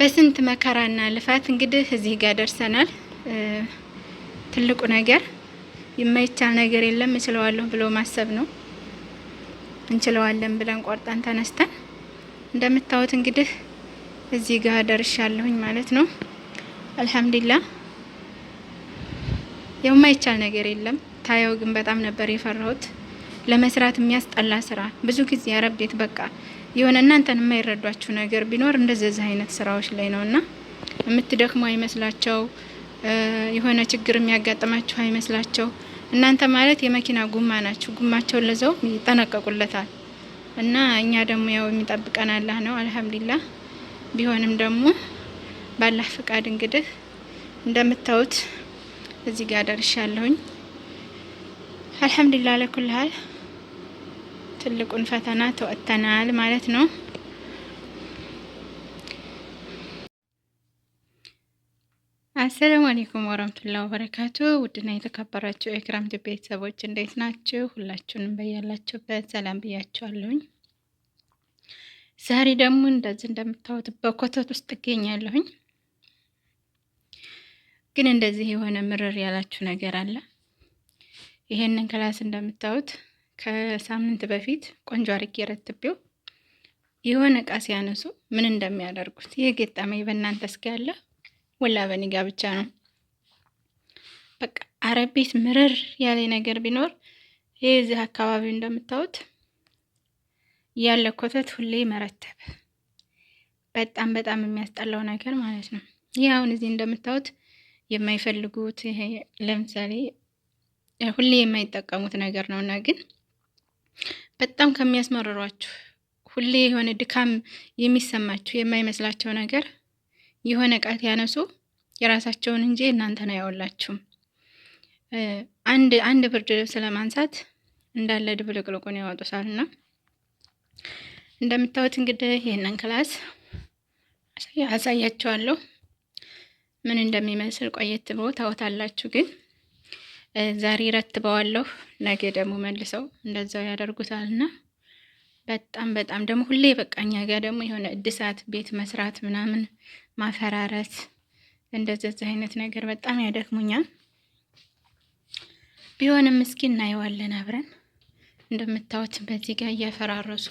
በስንት መከራና ልፋት እንግዲህ እዚህ ጋር ደርሰናል። ትልቁ ነገር የማይቻል ነገር የለም እችለዋለሁ ብሎ ማሰብ ነው። እንችለዋለን ብለን ቆርጠን ተነስተን እንደምታዩት እንግዲህ እዚህ ጋር ደርሻለሁኝ ማለት ነው። አልሐምዱሊላ የማይቻል ነገር የለም። ታየው ግን በጣም ነበር የፈራሁት ለመስራት የሚያስጠላ ስራ ብዙ ጊዜ አረብዴት በቃ የሆነ እናንተን የማይረዷችሁ ነገር ቢኖር እንደዚህ አይነት ስራዎች ላይ እና የምትደክሙ አይመስላቸው፣ የሆነ ችግር የሚያጋጥማችሁ አይመስላቸው። እናንተ ማለት የመኪና ጉማ ናችሁ። ጉማቸውን ለዘው ይጠነቀቁለታል። እና እኛ ደግሞ ያው የሚጠብቀን አላህ ነው። አልሐምዱሊላህ ቢሆንም ደግሞ ባላህ ፍቃድ እንግዲህ እንደምታዩት እዚህ ጋር ደርሻለሁኝ። አልሐምዱሊላህ ለኩልሃል ትልቁን ፈተና ተወጥተናል ማለት ነው። አሰላሙ አሌይኩም ወረህመቱላሂ ወበረካቱ። ውድና የተከበራችሁ የክረምት ቤተሰቦች እንዴት ናችሁ? ሁላችሁንም በያላችሁበት ሰላም ብያችኋለሁኝ። ዛሬ ደግሞ እንደዚህ እንደምታዩት በኮተት ውስጥ እገኛለሁኝ። ግን እንደዚህ የሆነ ምርር ያላችሁ ነገር አለ። ይሄንን ክላስ እንደምታዩት ከሳምንት በፊት ቆንጆ አርጌ ረትቤው የሆነ እቃ ሲያነሱ ምን እንደሚያደርጉት ይህ ገጠመኝ በእናንተ እስኪ ያለ ወላ በእኔ ጋ ብቻ ነው። በቃ አረብ ቤት ምርር ያለ ነገር ቢኖር ይህ እዚህ አካባቢው እንደምታዩት ያለ ኮተት ሁሌ መረተብ በጣም በጣም የሚያስጠላው ነገር ማለት ነው። ይህ አሁን እዚህ እንደምታዩት የማይፈልጉት ይሄ ለምሳሌ ሁሌ የማይጠቀሙት ነገር ነውና ግን በጣም ከሚያስመርሯችሁ ሁሌ የሆነ ድካም የሚሰማችሁ የማይመስላቸው ነገር የሆነ ቃት ያነሱ የራሳቸውን እንጂ እናንተን አያወላችሁም። አንድ አንድ ብርድ ልብስ ለማንሳት እንዳለ ድብልቅልቁን ያወጡሳል እና እንደምታዩት እንግዲህ ይህንን ክላስ አሳያችኋለሁ ምን እንደሚመስል ቆየት ብሎ ታወታላችሁ ግን ዛሬ ረትበዋለሁ፣ ነገ ደግሞ መልሰው እንደዛው ያደርጉታልና በጣም በጣም ደግሞ ሁሌ በቃ እኛ ጋር ደግሞ የሆነ እድሳት ቤት መስራት ምናምን ማፈራረስ እንደዚህ አይነት ነገር በጣም ያደክሙኛል። ቢሆንም እስኪ እናየዋለን አብረን። እንደምታዩት በዚህ ጋር እያፈራረሱ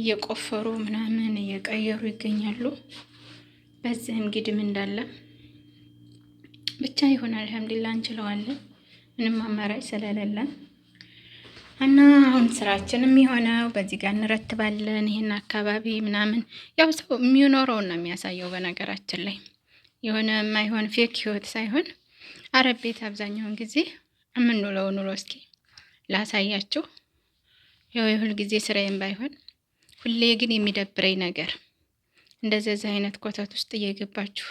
እየቆፈሩ ምናምን እየቀየሩ ይገኛሉ። በዚህም ግድም እንዳለ ብቻ ይሁን አልሐምዱሊላህ እንችለዋለን፣ ምንም አማራጭ ስለሌለን እና አሁን ስራችንም የሚሆነው በዚህ ጋር እንረትባለን። ይህን አካባቢ ምናምን ያው ሰው የሚኖረውን ነው የሚያሳየው። በነገራችን ላይ የሆነ የማይሆን ፌክ ህይወት ሳይሆን አረብ ቤት አብዛኛውን ጊዜ የምንውለው ኑሮ እስኪ ላሳያችሁ። ያው የሁል ጊዜ ስራዬም ባይሆን ሁሌ ግን የሚደብረኝ ነገር እንደዚህ አይነት ኮተት ውስጥ እየገባችሁ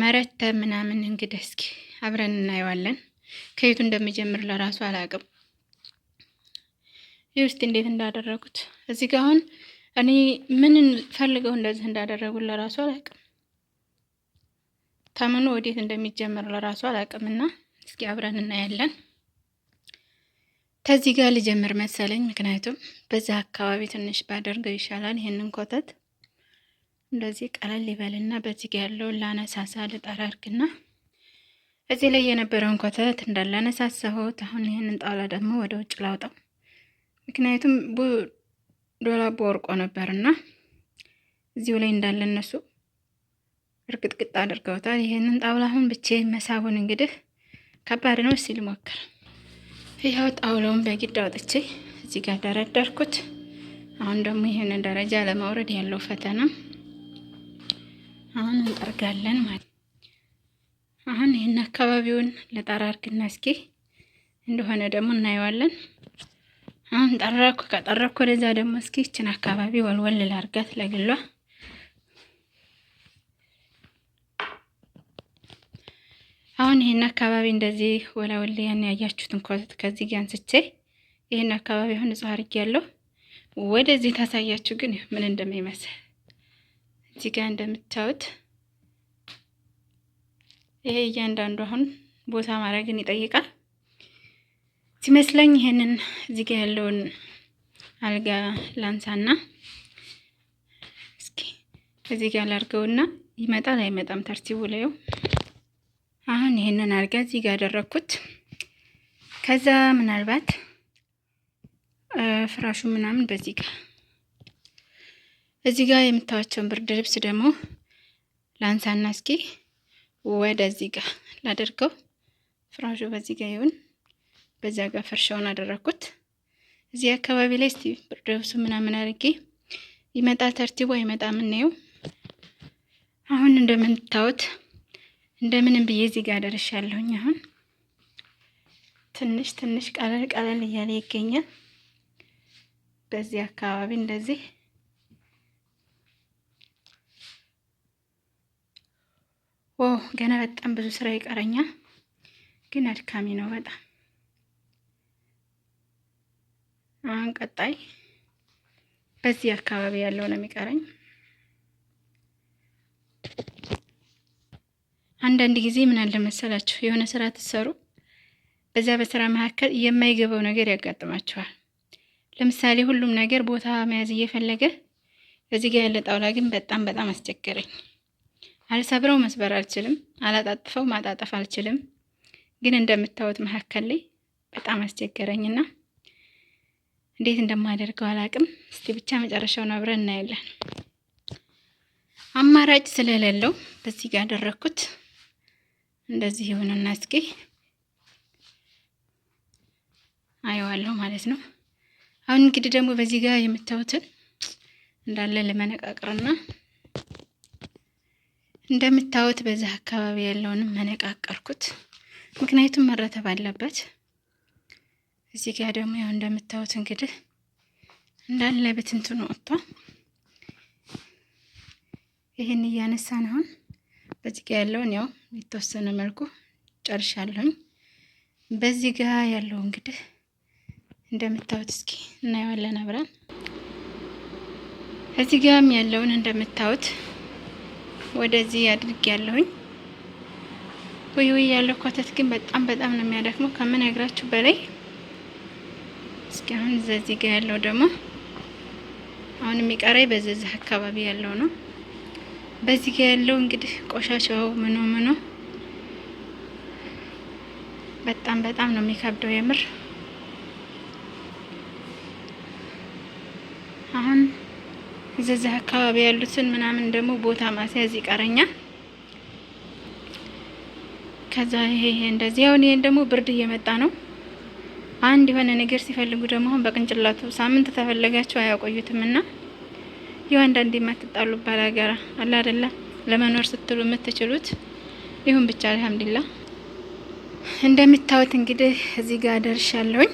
መረተ ምናምን እንግዲህ እስኪ አብረን እናየዋለን። ከየቱ እንደሚጀምር ለራሱ አላቅም። ይህ ውስጥ እንዴት እንዳደረጉት እዚህ ጋር አሁን እኔ ምን ፈልገው እንደዚህ እንዳደረጉት ለራሱ አላውቅም ተምኑ ወዴት እንደሚጀምር ለራሱ አላውቅም እና እስኪ አብረን እናያለን። ከዚህ ጋር ልጀምር መሰለኝ፣ ምክንያቱም በዛ አካባቢ ትንሽ ባደርገው ይሻላል ይህንን ኮተት እንደዚህ ቀለል ይበልና በዚህ ጋ ያለውን ላነሳሳ ልጠራ አድርግና እዚህ ላይ የነበረውን ኮተት እንዳላነሳሳሁት አሁን ይህንን ጣውላ ደግሞ ወደ ውጭ ላውጣው። ምክንያቱም ዶላቦ ወርቆ ነበርና እዚሁ ላይ እንዳለ እነሱ እርግጥቅጥ አድርገውታል። ይህንን ጣውላ አሁን ብቼ መሳቡን እንግዲህ ከባድ ነው። እስኪ ልሞክር። ይኸው ጣውላውን በግድ አውጥቼ እዚህ ጋር ደረደርኩት። አሁን ደግሞ ይህንን ደረጃ ለማውረድ ያለው ፈተና አሁን እንጠርጋለን ማለት አሁን ይህን አካባቢውን ለጠራርግና እስኪ እንደሆነ ደግሞ እናየዋለን። አሁን ጠረኩ። ከጠረኩ ወደዛ ደግሞ እስኪ ይችን አካባቢ ወልወል ላርጋት ለግሏ። አሁን ይህን አካባቢ እንደዚህ ወላወል ያን ያያችሁትን ኮተት ከዚህ አንስቼ ይህን አካባቢ አሁን ንጹህ አድርጌ ያለው ወደዚህ ታሳያችሁ ግን ምን እንደሚመስል እዚህ ጋር እንደምታዩት ይሄ እያንዳንዱ አሁን ቦታ ማድረግን ይጠይቃል ሲመስለኝ። ይሄንን እዚህ ጋር ያለውን አልጋ ላንሳና እስኪ እዚህ ጋር ላድርገውና ይመጣል አይመጣም ተርቲቡ ላየው። አሁን ይሄንን አልጋ እዚህ ጋር ያደረኩት ከዛ ምናልባት ፍራሹ ምናምን በዚህ ጋር እዚህ ጋር የምታዋቸውን ብርድ ልብስ ደግሞ ላንሳና እስኪ ወደዚህ ጋር ላደርገው። ፍራሹ በዚህ ጋር ይሁን፣ በዚያ ጋር ፈርሻውን አደረግኩት። እዚህ አካባቢ ላይ እስቲ ብርድ ልብሱ ምናምን አድርጌ ይመጣ ተርቲቡ አይመጣ ምናየው። አሁን እንደምታዩት እንደምንም ብዬ እዚህ ጋር ደርሻለሁኝ። አሁን ትንሽ ትንሽ ቀለል ቀለል እያለ ይገኛል። በዚህ አካባቢ እንደዚህ ኦ ገና በጣም ብዙ ስራ ይቀረኛል፣ ግን አድካሚ ነው በጣም። አሁን ቀጣይ በዚህ አካባቢ ያለው ነው የሚቀረኝ። አንዳንድ ጊዜ ምን አለ መሰላችሁ የሆነ ስራ ትሰሩ፣ በዚያ በስራ መካከል የማይገባው ነገር ያጋጥማችኋል። ለምሳሌ ሁሉም ነገር ቦታ መያዝ እየፈለገ እዚህ ጋር ያለ ጣውላ ግን በጣም በጣም አስቸገረኝ። አልሰብረው መስበር አልችልም፣ አላጣጥፈው ማጣጠፍ አልችልም። ግን እንደምታዩት መካከል ላይ በጣም አስቸገረኝና እንዴት እንደማደርገው አላቅም። እስቲ ብቻ መጨረሻውን አብረን እናያለን። አማራጭ ስለሌለው በዚህ ጋር ያደረግኩት እንደዚህ ይሁንና እስኪ አየዋለሁ ማለት ነው። አሁን እንግዲህ ደግሞ በዚህ ጋር የምታዩትን እንዳለ ለመነቃቅርና እንደምታዩት በዚህ አካባቢ ያለውንም መነቃቀርኩት፣ ምክንያቱም መረተብ አለበት። እዚህ ጋር ደግሞ ያው እንደምታዩት እንግዲህ እንዳለ ብትንትኑ ወጥቷል። ይህን እያነሳን አሁን በዚህ ጋር ያለውን ያው የተወሰነ መልኩ ጨርሻለሁኝ። በዚህ ጋር ያለው እንግዲህ እንደምታዩት እስኪ እናየዋለን አብረን። እዚህ ጋርም ያለውን እንደምታዩት ወደዚህ አድርግ ያለሁኝ ወይ ወይ ያለው ኮተት ግን በጣም በጣም ነው የሚያደክመው ከምነግራችሁ በላይ። እስኪ አሁን እዚህ ጋር ያለው ደግሞ አሁን የሚቀረኝ በዚህ አካባቢ ያለው ነው። በዚህ ጋር ያለው እንግዲህ ቆሻሻው ምኖ ምኖ በጣም በጣም ነው የሚከብደው የምር አሁን እዚያ አካባቢ ያሉትን ምናምን ደግሞ ቦታ ማስያዝ ይቀረኛል። ከዛ ይሄ ይሄ እንደዚህ አሁን ይሄን ደግሞ ብርድ እየመጣ ነው። አንድ የሆነ ነገር ሲፈልጉ ደግሞ አሁን በቅንጭላቱ ሳምንት ተፈለጋቸው አያቆዩትም። እና ይኸው አንዳንዴ የማትጣሉባት ሀገር አለ አደለ ለመኖር ስትሉ የምትችሉት ይሁን ብቻ አልሐምዱሊላህ። እንደምታዩት እንግዲህ እዚህ ጋር ደርሻለሁኝ።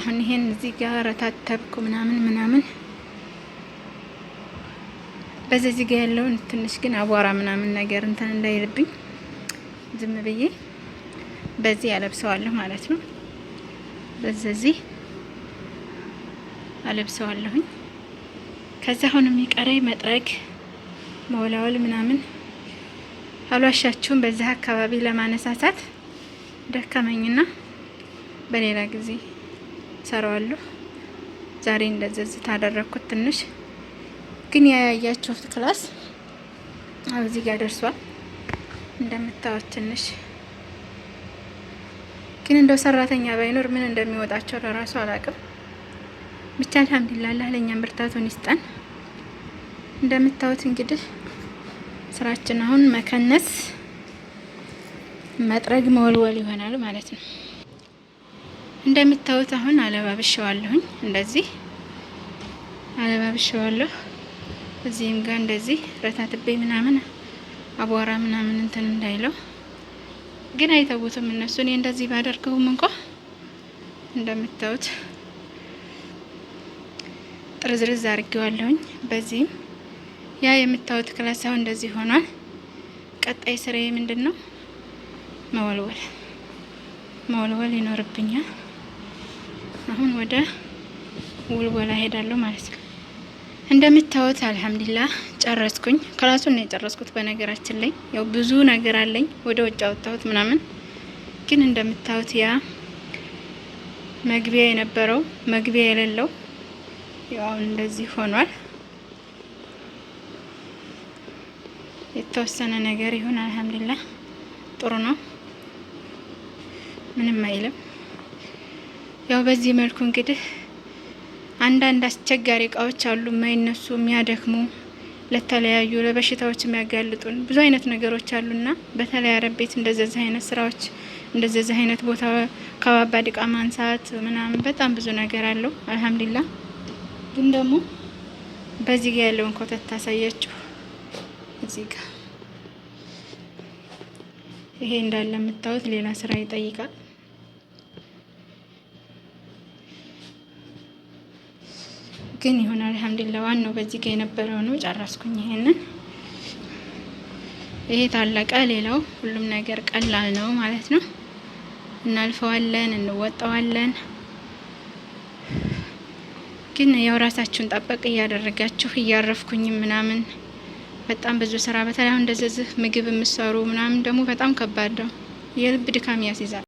አሁን ይሄን እዚህ ጋር ረታተብኩ ምናምን ምናምን በዚህ ጋር ያለውን ትንሽ ግን አቧራ ምናምን ነገር እንትን እንዳይልብኝ ዝም ብዬ በዚህ አለብሰዋለሁ ማለት ነው። በዚህ አለብሰዋለሁኝ። ከዛ አሁን የሚቀረኝ መጥረግ፣ መወላወል ምናምን አልዋሻችሁም። በዚህ አካባቢ ለማነሳሳት ደከመኝና በሌላ ጊዜ ሰራዋለሁ። ዛሬ እንደዚህ ታደረግኩት ትንሽ ግን የያያችሁት ክላስ እዚህ ጋር ደርሷል እንደምታዩት። ትንሽ ግን እንደው ሰራተኛ ባይኖር ምን እንደሚወጣቸው ለራሱ አላውቅም ብቻ አልሐምዱሊላህ ለእኛም ብርታቱን ይስጠን። እንደምታዩት እንግዲህ ስራችን አሁን መከነስ፣ መጥረግ፣ መወልወል ይሆናል ማለት ነው። እንደምታዩት አሁን አለባብሸዋለሁኝ እንደዚህ አለባብሸዋለሁ። እዚህም ጋር እንደዚህ ረታትቤ ምናምን አቧራ ምናምን እንትን እንዳይለው ግን አይተውትም እነሱ። እኔ እንደዚህ ባደርገውም እንኳ እንደምታዩት ጥርዝርዝ አድርጌዋለሁኝ። በዚህም ያ የምታዩት ክላሳው እንደዚህ ሆኗል። ቀጣይ ስራዬ ምንድን ነው? መወልወል መወልወል ይኖርብኛል። አሁን ወደ ውልወላ ሄዳለሁ ማለት ነው። እንደምታዩት አልሐምዱሊላህ ጨረስኩኝ። ክላሱን ነው የጨረስኩት። በነገራችን ላይ ያው ብዙ ነገር አለኝ ወደ ውጭ አወጣሁት ምናምን፣ ግን እንደምታዩት ያ መግቢያ የነበረው መግቢያ የሌለው ያው እንደዚህ ሆኗል። የተወሰነ ነገር ይሁን አልሐምዱሊላህ ጥሩ ነው፣ ምንም አይልም። ያው በዚህ መልኩ እንግዲህ አንዳንድ አስቸጋሪ እቃዎች አሉ የማይነሱ የሚያደክሙ ለተለያዩ ለበሽታዎች የሚያጋልጡን ብዙ አይነት ነገሮች አሉና በተለይ አረብ ቤት እንደዚህ አይነት ስራዎች እንደዚህ አይነት ቦታ ከባባድ እቃ ማንሳት ምናምን በጣም ብዙ ነገር አለው። አልሐምዱሊላህ ግን ደግሞ በዚህ ጋር ያለውን ኮተት ታሳያችሁ። እዚህ ጋር ይሄ እንዳለ የምታዩት ሌላ ስራ ይጠይቃል። ግን ይሆን አልሐምዱሊላህ። ዋናው በዚህ ጋር የነበረው ነው። ጨረስኩኝ ይሄንን። ይሄ ታለቀ። ሌላው ሁሉም ነገር ቀላል ነው ማለት ነው። እናልፈዋለን፣ እንወጣዋለን። ግን ያው ራሳችሁን ጠበቅ እያደረጋችሁ እያረፍኩኝ ምናምን በጣም ብዙ ስራ በተለይ አሁን እንደዚህ ምግብ የምሰሩ ምናምን ደግሞ በጣም ከባድ ነው። የልብ ድካም ያስይዛል።